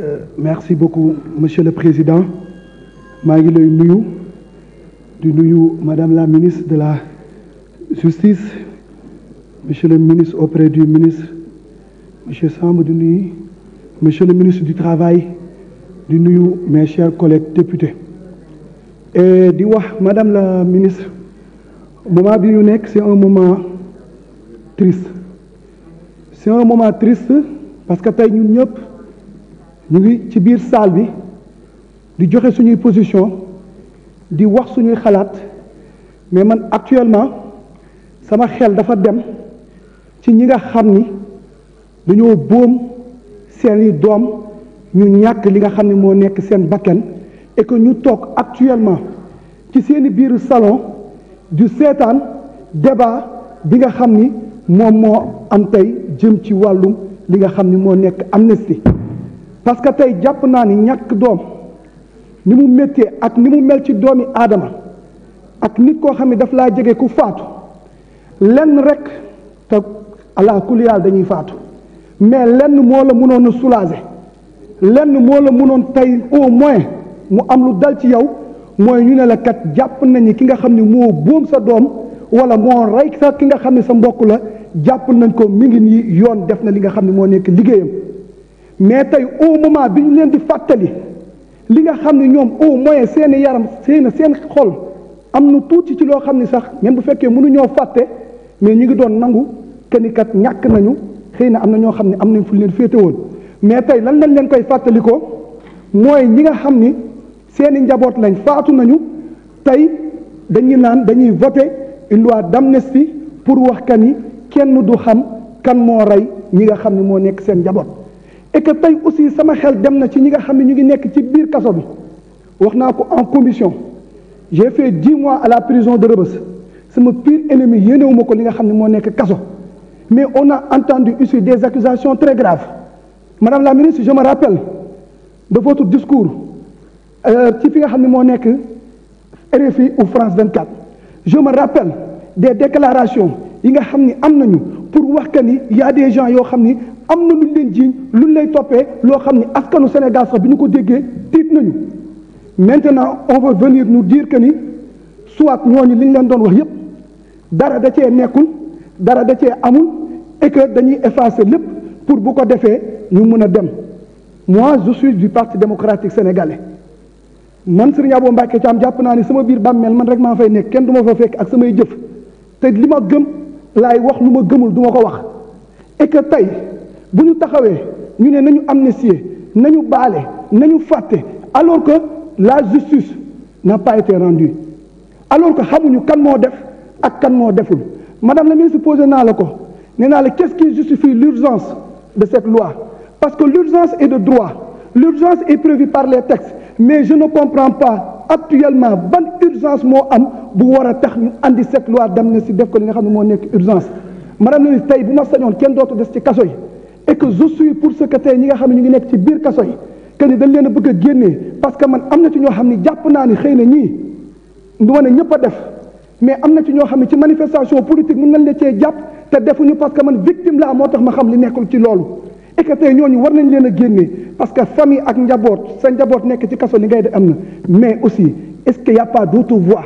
Euh, merci beaucoup monsieur le président marie ngi madame la ministre de la justice monsieur le ministre auprès du ministre monsieur Samb monsieur le ministre du travail du mes chers collègues députés et di madame la ministre moment bi c'est un moment triste c'est un moment triste parce que nous sommes nous ngi ci biir salle bi di joxe suñuy position di wax suñuy mais actuellement sama xel dafa dem ci ñi nga xam ni dañoo boom seeni doom ñu ñàkk li nga ne nekk seen et que nous toog actuellement ci seeni salon du débat bi nga xam ni moom am tey jëm ci wàllum li nga parce que tey jàpp naa ni ñàkk doom ni mu méttee ak ni mu mel ci doomi aadama ak nit koo xam ne daf laa jege ku faatu lenn rek te allah kulli yàlla dañuy faatu mais lenn moo la mënoon a soulager lenn moo la mënoon tey au moins mu am lu dal ci yow mooy ñu ne la kat jàpp nañu ki nga xam ne moo buum sa doom wala moo rey sa ki nga xam ne sa mbokk la jàpp nañ ko mu ngi nii yoon def na li nga xam ne moo nekk liggéeyam. mais tey au moment bi ñu leen di fàttali li nga xam ne ñoom au moins seen yaram na seen xol am na tuuti ci loo xam ne sax ngeen bu fekkee mënuñoo fàtte mais ñu ngi doon nangu que ñàkk nañu xëy na am na ñoo xam ne am nañ fu leen féete woon mais tey lan lañ leen koy fàttali mooy ñi nga xam ni seen i njaboot lañ faatu nañu tey dañuy naan dañuy voté une loi d'amnistie pour wax que ni kenn du xam kan moo rey ñi nga xam ne moo nekk seen njaboot. et que tey aussi sama xel dem na ci ñi nga xam ne ñu ngi nekk ci biir kaso bi wax en commission j'ai fait dix mois à la prison de C'est sama pire ennemi yéenewuma ko li nga xam ne moo nekk kaso mais on a entendu ici des accusations très graves madame la ministre je me rappelle de votre discours euh, ci fi nga xam ne moo nekk RFI ou France 24 je me rappelle des déclarations yi nga xam ni pour wax que ni y a des gens yoo xam am na lu ñu leen jiiñ luñ lay toppee loo xam ni askanu Sénégal sax bi ñu ko déggee tiit nañu maintenant on va venir nous dire que ni soit ñooñu liñ leen doon wax yépp dara da cee nekkul dara da cee amul et dañuy effacer lépp pour bu ko defee ñu mën a dem moi je suis du parti démocratique sénégalais man Serigne Abo Mbacké Thiam jàpp naa ni sama biir bàmmeel man rek maa fay nekk kenn du ma fa fekk ak samay jëf te li ma gëm lay wax lu ma gëmul duma ko wax et tey bu ñu taxawee ñu ne nañu nous nañu nous nañu fàtte alors que la justice n'a pas été rendue alors que xamuñu kan moo def ak kan moo deful madame la ministre posé naa la ko nee naa la qu'est-ce qui justifie l'urgence de cette loi parce que l'urgence est de droit l'urgence est prévue par les textes mais je ne comprends pas actuellement ban urgence moo am bu war a tax ñu andi cette loi d'amnésie def ko li urgence madame la ministre tey bu ma sañoon kenn dootu des ci et que je suis pour ce que tey ñi nga xam ne ñu ngi nekk ci biir kaso yi que ni dañ leen a bëgg a génnee parce que man am na ci ñoo xam ne jàpp naa ni xëy na ñii du ma ne ñëpp a def mais am na ci ñoo xam ne ci manifestation politique mën nañ la cee jàpp te defuñu parce que man victime laa moo tax ma xam li nekkul ci loolu et que tey ñooñu war nañ leen a génnee parce que famille ak njaboot sa njaboot nekk ci kaso li ngay di am na mais aussi est-ce qu'il y a pas d'autre voie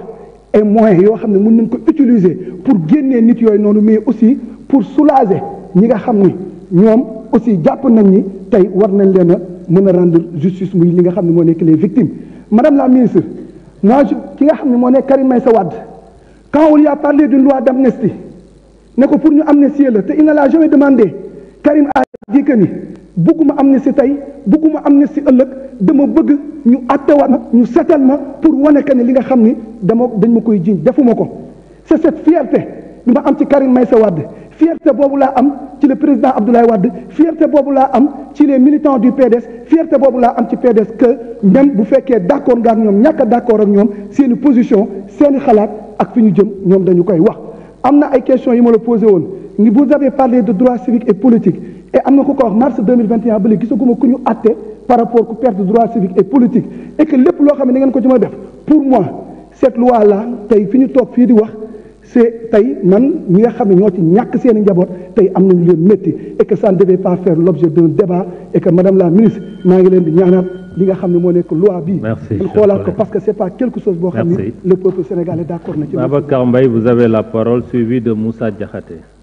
et moyen yoo xam ne mën nañ ko utiliser pour génnee nit yooyu noonu mais aussi pour soulager ñi nga xam ni ñoom aussi jàpp nañ ni tey war nañ leen mën a rendre justice muy li nga xam ne moo nekk lay victimes madame la ministre moi je ki nga xam ne moo nekk Karim Meïssa Wade quand on lui a parlé d'une loi d'amnistie ne ko pour ñu amnistier la te il ne l'a jamais demandé Karim a dit que ni bugguma amnistie tey bugguma amnistie ëllëg dama bëgg ñu attewaat nag ñu setal ma pour wane que ne li nga xam ni dama dañ ma koy jiiñ defuma ko c'est cette fierté bi ma am ci Karim Meïssa Wade fierté boobu laa am ci le président Abdoulaye Wade fierté bobu la am ci les militants du PDS fierté bobu la, am ci PDS que même bu féké d'accord nga ak ñoom ñàkk d'accord ak ñom seen position seen xalaat ak fiñu jëm ñom dañu koy wax amna ay questions yi ma la posé ni vous avez parlé de droit civique et politique et amna ko ko wax mars 2021 ba léegi gisaguma ku ñu atté par rapport ku perte droit civique et politique et que lepp lo xamné ne ngeen ko ci ma def pour moi cette loi là tay fiñu ñu fi di wax c'est tay man ñi nga xam ne ñoo ci ñàkk seen njaboot tey am nañu leen métti et que ça ne devait pas faire l'objet d'un débat et que madame la ministre maa ngi leen di ñaanal li nga xam ne moo loi bi merci xoolaat ko parce que c'est pas quelque chose boo xam ne le peuple sénégalais d'accord na ci vous avez la parole suivi de Moussa Diakhaté